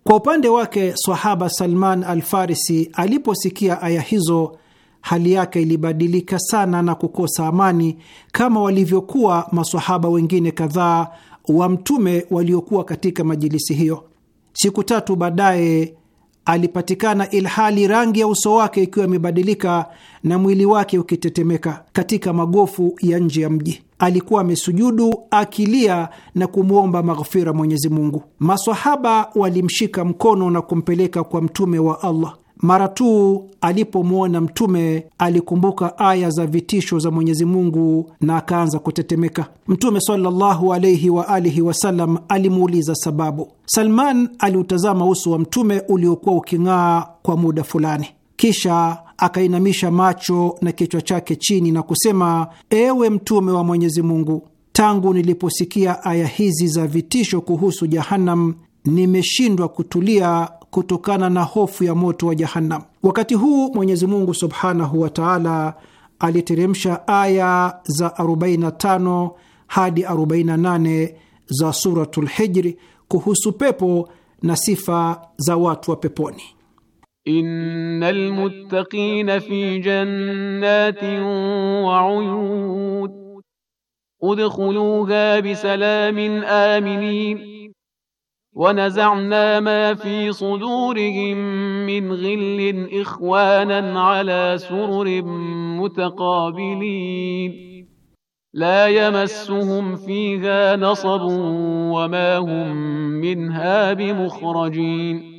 Kwa upande wake, sahaba Salman Alfarisi aliposikia aya hizo, hali yake ilibadilika sana na kukosa amani kama walivyokuwa masahaba wengine kadhaa wa Mtume waliokuwa katika majilisi hiyo. Siku tatu baadaye alipatikana ilhali rangi ya uso wake ikiwa imebadilika na mwili wake ukitetemeka katika magofu ya nje ya mji. Alikuwa amesujudu akilia na kumwomba maghfira Mwenyezi Mungu. Masahaba walimshika mkono na kumpeleka kwa Mtume wa Allah. Mara tu alipomwona Mtume alikumbuka aya za vitisho za Mwenyezi Mungu na akaanza kutetemeka. Mtume sallallahu wa alihi wasallam alimuuliza sababu. Salman aliutazama uso wa Mtume uliokuwa uking'aa kwa muda fulani, kisha akainamisha macho na kichwa chake chini na kusema, ewe Mtume wa Mwenyezi Mungu, tangu niliposikia aya hizi za vitisho kuhusu Jahannam nimeshindwa kutulia kutokana na hofu ya moto wa Jahannam. Wakati huu Mwenyezi Mungu subhanahu wa taala aliteremsha aya za 45 hadi 48 za Suratul Hijri kuhusu pepo na sifa za watu wa peponi. Innal muttaqina fi jannatin wa uyun udkhuluha bisalamin aminin ونزعنا ما في صدورهم من غل إخوانا على سرر متقابلين لا يمسهم فيها نصب وما هم منها بمخرجين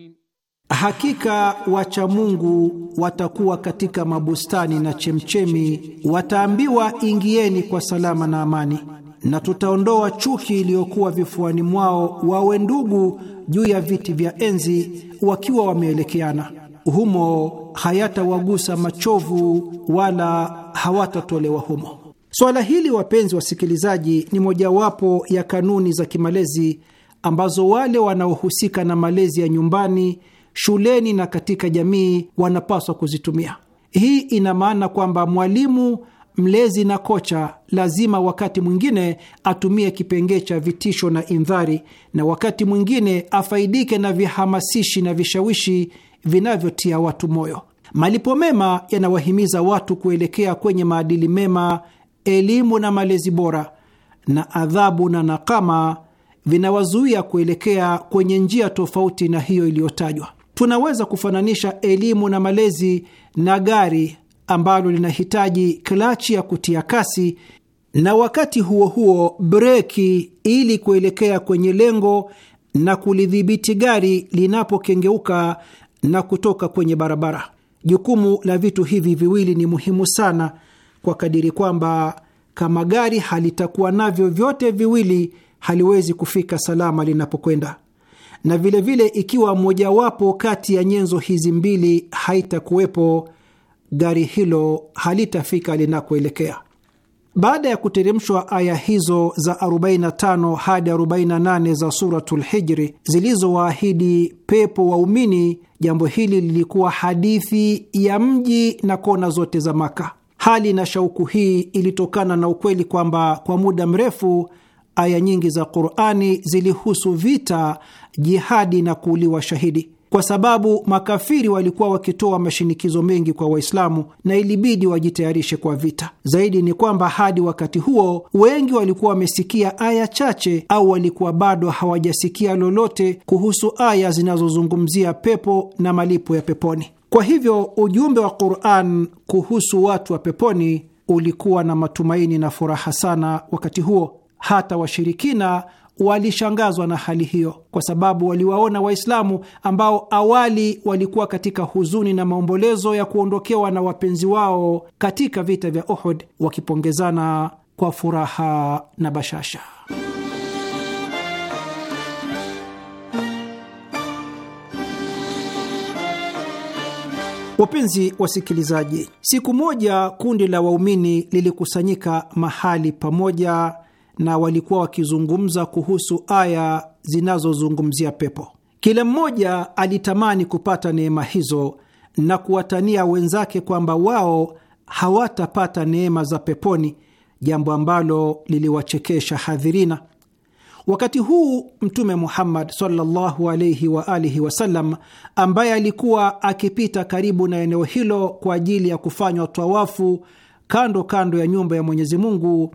Hakika wacha Mungu watakuwa katika mabustani na chemchemi, wataambiwa ingieni kwa salama na amani na tutaondoa chuki iliyokuwa vifuani mwao, wawe ndugu juu ya viti vya enzi wakiwa wameelekeana. Humo hayatawagusa machovu wala hawatatolewa humo. Suala hili, wapenzi wasikilizaji, ni mojawapo ya kanuni za kimalezi ambazo wale wanaohusika na malezi ya nyumbani, shuleni na katika jamii wanapaswa kuzitumia. Hii ina maana kwamba mwalimu mlezi na kocha lazima wakati mwingine atumie kipengee cha vitisho na indhari, na wakati mwingine afaidike na vihamasishi na vishawishi vinavyotia watu moyo. Malipo mema yanawahimiza watu kuelekea kwenye maadili mema, elimu na malezi bora, na adhabu na nakama vinawazuia kuelekea kwenye njia tofauti na hiyo iliyotajwa. Tunaweza kufananisha elimu na malezi na gari ambalo linahitaji klachi ya kutia kasi na wakati huo huo breki ili kuelekea kwenye lengo na kulidhibiti gari linapokengeuka na kutoka kwenye barabara. Jukumu la vitu hivi viwili ni muhimu sana kwa kadiri kwamba kama gari halitakuwa navyo vyote viwili, haliwezi kufika salama linapokwenda, na vilevile vile, ikiwa mojawapo kati ya nyenzo hizi mbili haitakuwepo gari hilo halitafika linakoelekea. Baada ya kuteremshwa aya hizo za 45 hadi 48 za Suratul Hijri zilizowaahidi pepo waumini, jambo hili lilikuwa hadithi ya mji na kona zote za Maka. Hali na shauku hii ilitokana na ukweli kwamba kwa muda mrefu aya nyingi za Qurani zilihusu vita, jihadi na kuuliwa shahidi kwa sababu makafiri walikuwa wakitoa mashinikizo mengi kwa Waislamu na ilibidi wajitayarishe kwa vita. Zaidi ni kwamba hadi wakati huo wengi walikuwa wamesikia aya chache au walikuwa bado hawajasikia lolote kuhusu aya zinazozungumzia pepo na malipo ya peponi. Kwa hivyo ujumbe wa Quran kuhusu watu wa peponi ulikuwa na matumaini na furaha sana wakati huo. Hata washirikina walishangazwa na hali hiyo, kwa sababu waliwaona Waislamu ambao awali walikuwa katika huzuni na maombolezo ya kuondokewa na wapenzi wao katika vita vya Uhud wakipongezana kwa furaha na bashasha. Wapenzi wasikilizaji, siku moja kundi la waumini lilikusanyika mahali pamoja na walikuwa wakizungumza kuhusu aya zinazozungumzia pepo. Kila mmoja alitamani kupata neema hizo na kuwatania wenzake kwamba wao hawatapata neema za peponi, jambo ambalo liliwachekesha hadhirina. Wakati huu Mtume Muhammad sallallahu alaihi wa alihi wasallam, ambaye alikuwa akipita karibu na eneo hilo kwa ajili ya kufanywa twawafu kando kando ya nyumba ya Mwenyezi Mungu,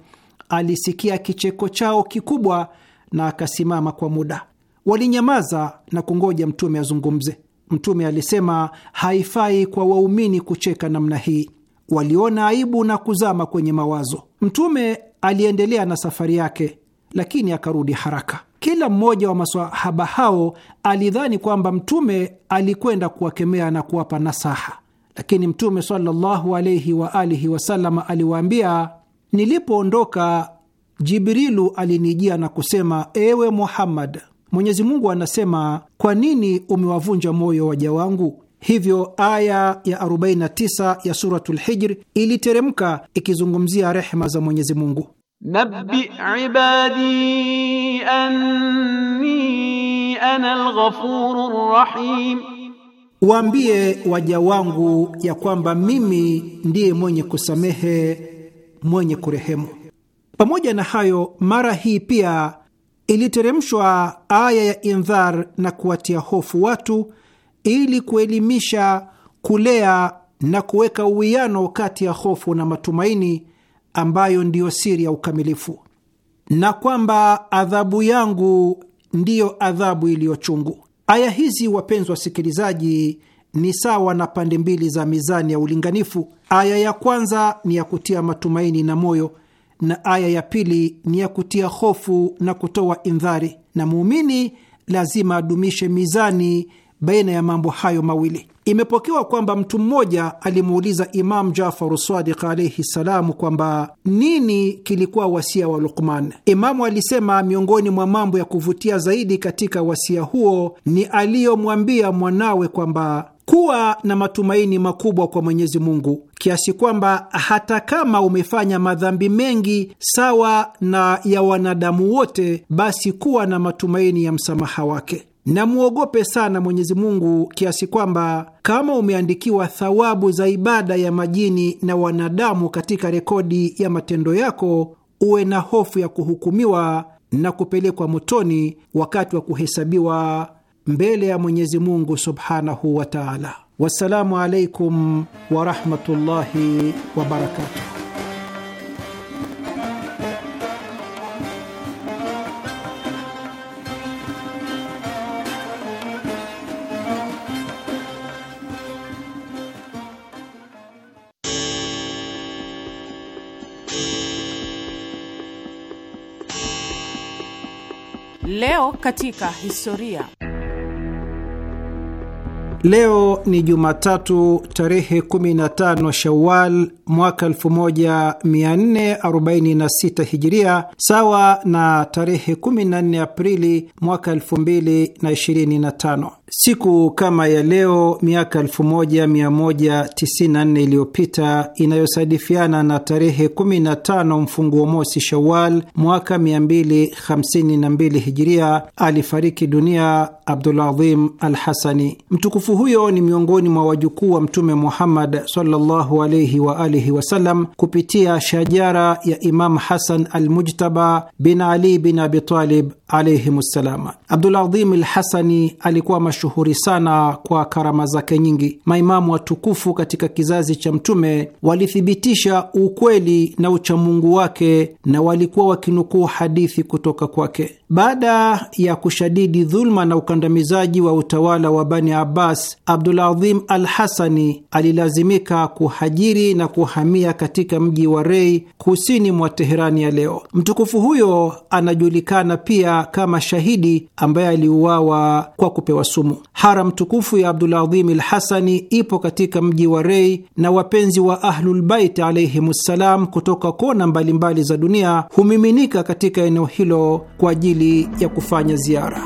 alisikia kicheko chao kikubwa na akasimama kwa muda. Walinyamaza na kungoja mtume azungumze. Mtume alisema, haifai kwa waumini kucheka namna hii. Waliona aibu na kuzama kwenye mawazo. Mtume aliendelea na safari yake, lakini akarudi haraka. Kila mmoja wa masahaba hao alidhani kwamba mtume alikwenda kuwakemea na kuwapa nasaha, lakini mtume sallallahu alaihi wa alihi wasallam aliwaambia, Nilipoondoka, Jibrilu alinijia na kusema, ewe Muhammad, Mwenyezi Mungu anasema, kwa nini umewavunja moyo waja wangu? Hivyo aya ya 49 ya Suratul Hijri iliteremka ikizungumzia rehema za Mwenyezi Mungu. Nabbi ibadi anni ana rahim, waambie waja wangu ya kwamba mimi ndiye mwenye kusamehe mwenye kurehemu. Pamoja na hayo, mara hii pia iliteremshwa aya ya indhar na kuwatia hofu watu ili kuelimisha, kulea na kuweka uwiano kati ya hofu na matumaini ambayo ndiyo siri ya ukamilifu, na kwamba adhabu yangu ndiyo adhabu iliyo chungu. Aya hizi, wapenzi wasikilizaji, ni sawa na pande mbili za mizani ya ulinganifu. Aya ya kwanza ni ya kutia matumaini na moyo, na aya ya pili ni ya kutia hofu na kutoa indhari, na muumini lazima adumishe mizani baina ya mambo hayo mawili. Imepokewa kwamba mtu mmoja alimuuliza Imamu Jafaru Sadiq alaihi ssalamu kwamba nini kilikuwa wasia wa Lukman. Imamu alisema miongoni mwa mambo ya kuvutia zaidi katika wasia huo ni aliyomwambia mwanawe kwamba kuwa na matumaini makubwa kwa Mwenyezi Mungu kiasi kwamba hata kama umefanya madhambi mengi sawa na ya wanadamu wote, basi kuwa na matumaini ya msamaha wake Namwogope sana Mwenyezi Mungu kiasi kwamba kama umeandikiwa thawabu za ibada ya majini na wanadamu katika rekodi ya matendo yako, uwe na hofu ya kuhukumiwa na kupelekwa motoni wakati wa kuhesabiwa mbele ya Mwenyezi Mungu subhanahu wa taala. Wassalamu alaikum warahmatullahi wabarakatuh. Leo katika historia Leo ni Jumatatu tarehe 15 Shawal mwaka 1446 Hijiria, sawa na tarehe 14 Aprili mwaka 2025. Siku kama ya leo miaka 1194 iliyopita inayosadifiana na tarehe 15 mfunguo mosi Shawal mwaka 252 Hijiria, alifariki dunia Abdulazim al Hasani mtukufu Mtukufu huyo ni miongoni mwa wajukuu wa Mtume Muhammad sallallahu alaihi wa alihi wasallam kupitia shajara ya Imam Hasan Almujtaba bin Ali bin Abitalib alaihimussalam. Abdulazim Alhasani alikuwa mashuhuri sana kwa karama zake nyingi. Maimamu watukufu katika kizazi cha Mtume walithibitisha ukweli na uchamungu wake na walikuwa wakinukuu hadithi kutoka kwake. Baada ya kushadidi dhuluma na ukandamizaji wa utawala wa Bani Abbas, Abdulazim hasani alilazimika kuhajiri na kuhamia katika mji wa Rei kusini mwa Teherani ya leo. Mtukufu huyo anajulikana pia kama shahidi ambaye aliuawa kwa kupewa sumu. Haram tukufu ya Abduladhim al Hasani ipo katika mji wa Rei, na wapenzi wa Ahlulbait ssalam kutoka kona mbalimbali za dunia humiminika katika eneo hilo kwa ajili ya kufanya ziara.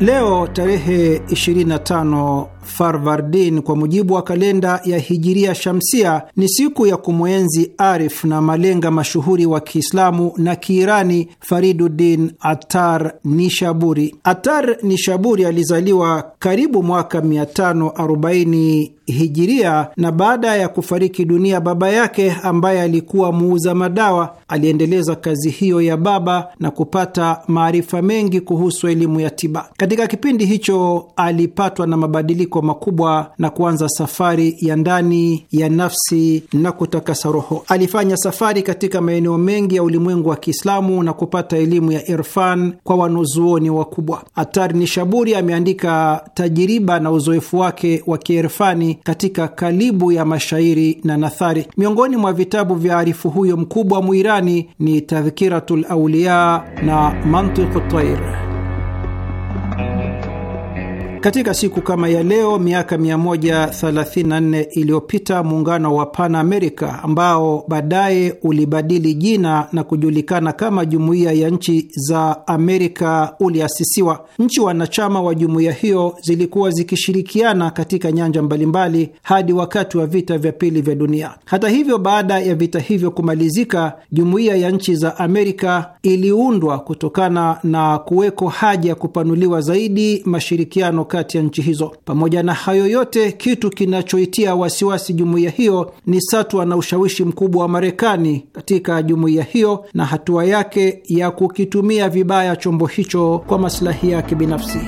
Leo tarehe 25 Farvardin kwa mujibu wa kalenda ya Hijiria Shamsia ni siku ya kumwenzi arif na malenga mashuhuri wa Kiislamu na Kiirani Fariduddin Atar Nishaburi. Atar Nishaburi alizaliwa karibu mwaka 540 hijiria na baada ya kufariki dunia baba yake ambaye alikuwa muuza madawa, aliendeleza kazi hiyo ya baba na kupata maarifa mengi kuhusu elimu ya tiba. Katika kipindi hicho alipatwa na mabadiliko mabadiliko makubwa na kuanza safari ya ndani ya nafsi na kutakasa roho. Alifanya safari katika maeneo mengi ya ulimwengu wa Kiislamu na kupata elimu ya irfan kwa wanazuoni wakubwa. Atar Nishaburi ameandika tajiriba na uzoefu wake wa kiirfani katika kalibu ya mashairi na nathari. Miongoni mwa vitabu vya arifu huyo mkubwa Mwirani ni Tadhkiratul Auliya na Mantiqu Tair. Katika siku kama ya leo miaka 134 iliyopita muungano wa Pan America ambao baadaye ulibadili jina na kujulikana kama Jumuiya ya Nchi za Amerika uliasisiwa. Nchi wanachama wa jumuiya hiyo zilikuwa zikishirikiana katika nyanja mbalimbali hadi wakati wa vita vya pili vya dunia. Hata hivyo, baada ya vita hivyo kumalizika, Jumuiya ya Nchi za Amerika iliundwa kutokana na kuweko haja ya kupanuliwa zaidi mashirikiano kati ya nchi hizo. Pamoja na hayo yote, kitu kinachoitia wasiwasi jumuiya hiyo ni satwa na ushawishi mkubwa wa Marekani katika jumuiya hiyo na hatua yake ya kukitumia vibaya chombo hicho kwa masilahi yake binafsi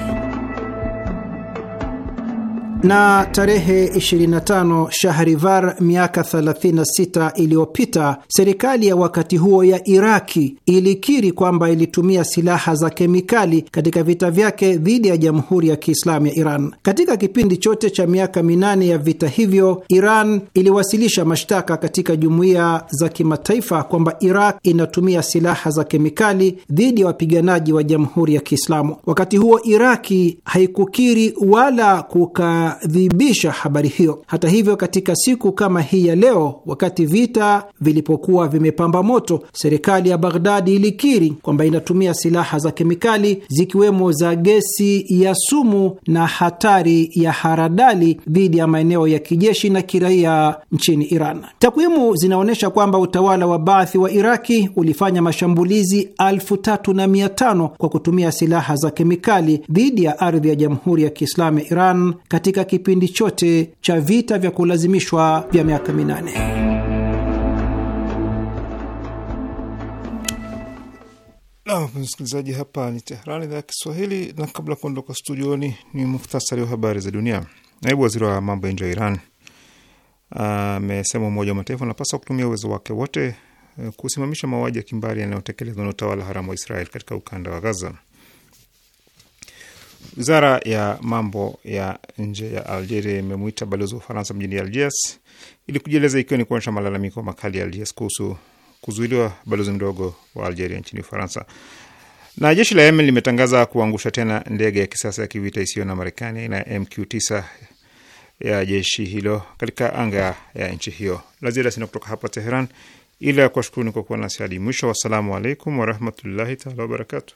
na tarehe 25 Shahrivar miaka 36 iliyopita, serikali ya wakati huo ya Iraki ilikiri kwamba ilitumia silaha za kemikali katika vita vyake dhidi ya Jamhuri ya Kiislamu ya Iran. Katika kipindi chote cha miaka minane ya vita hivyo, Iran iliwasilisha mashtaka katika jumuiya za kimataifa kwamba Iraq inatumia silaha za kemikali dhidi ya wapiganaji wa Jamhuri ya Kiislamu. Wakati huo Iraki haikukiri wala kuka inadhibisha habari hiyo. Hata hivyo, katika siku kama hii ya leo, wakati vita vilipokuwa vimepamba moto, serikali ya Baghdadi ilikiri kwamba inatumia silaha za kemikali zikiwemo za gesi ya sumu na hatari ya haradali dhidi ya maeneo ya kijeshi na kiraia nchini Iran. Takwimu zinaonyesha kwamba utawala wa Baathi wa Iraki ulifanya mashambulizi elfu tatu na mia tano kwa kutumia silaha za kemikali dhidi ya ardhi ya Jamhuri ya Kiislamu ya Iran katika kipindi chote cha vita vya kulazimishwa vya miaka minane. Nam msikilizaji, hapa ni Teherani, idhaa ya Kiswahili. Na kabla ya kuondoka studioni, ni muhtasari wa habari za dunia. Naibu waziri wa mambo ya nje wa Iran ah, amesema uh, Umoja wa Mataifa unapaswa kutumia uwezo wake wote uh, kusimamisha mauaji ya kimbari yanayotekelezwa na utawala haramu wa Israel katika ukanda wa Gaza. Wizara ya mambo ya nje ya Algeria imemwita balozi wa Ufaransa mjini Algiers ili kujieleza, ikiwa ni kuonyesha malalamiko makali ya Algiers kuhusu kuzuiliwa balozi mdogo wa Algeria nchini Ufaransa. Na jeshi la Yemen limetangaza kuangusha tena ndege ya kisasa ya kivita isiyo na Marekani na MQ9 ya jeshi hilo katika anga ya nchi hiyo. La ziada sina kutoka hapa Teheran, ila ya kuwashukuruni kwa kuwa nasi hadi mwisho. Wassalamu alaikum warahmatullahi taala wabarakatuh.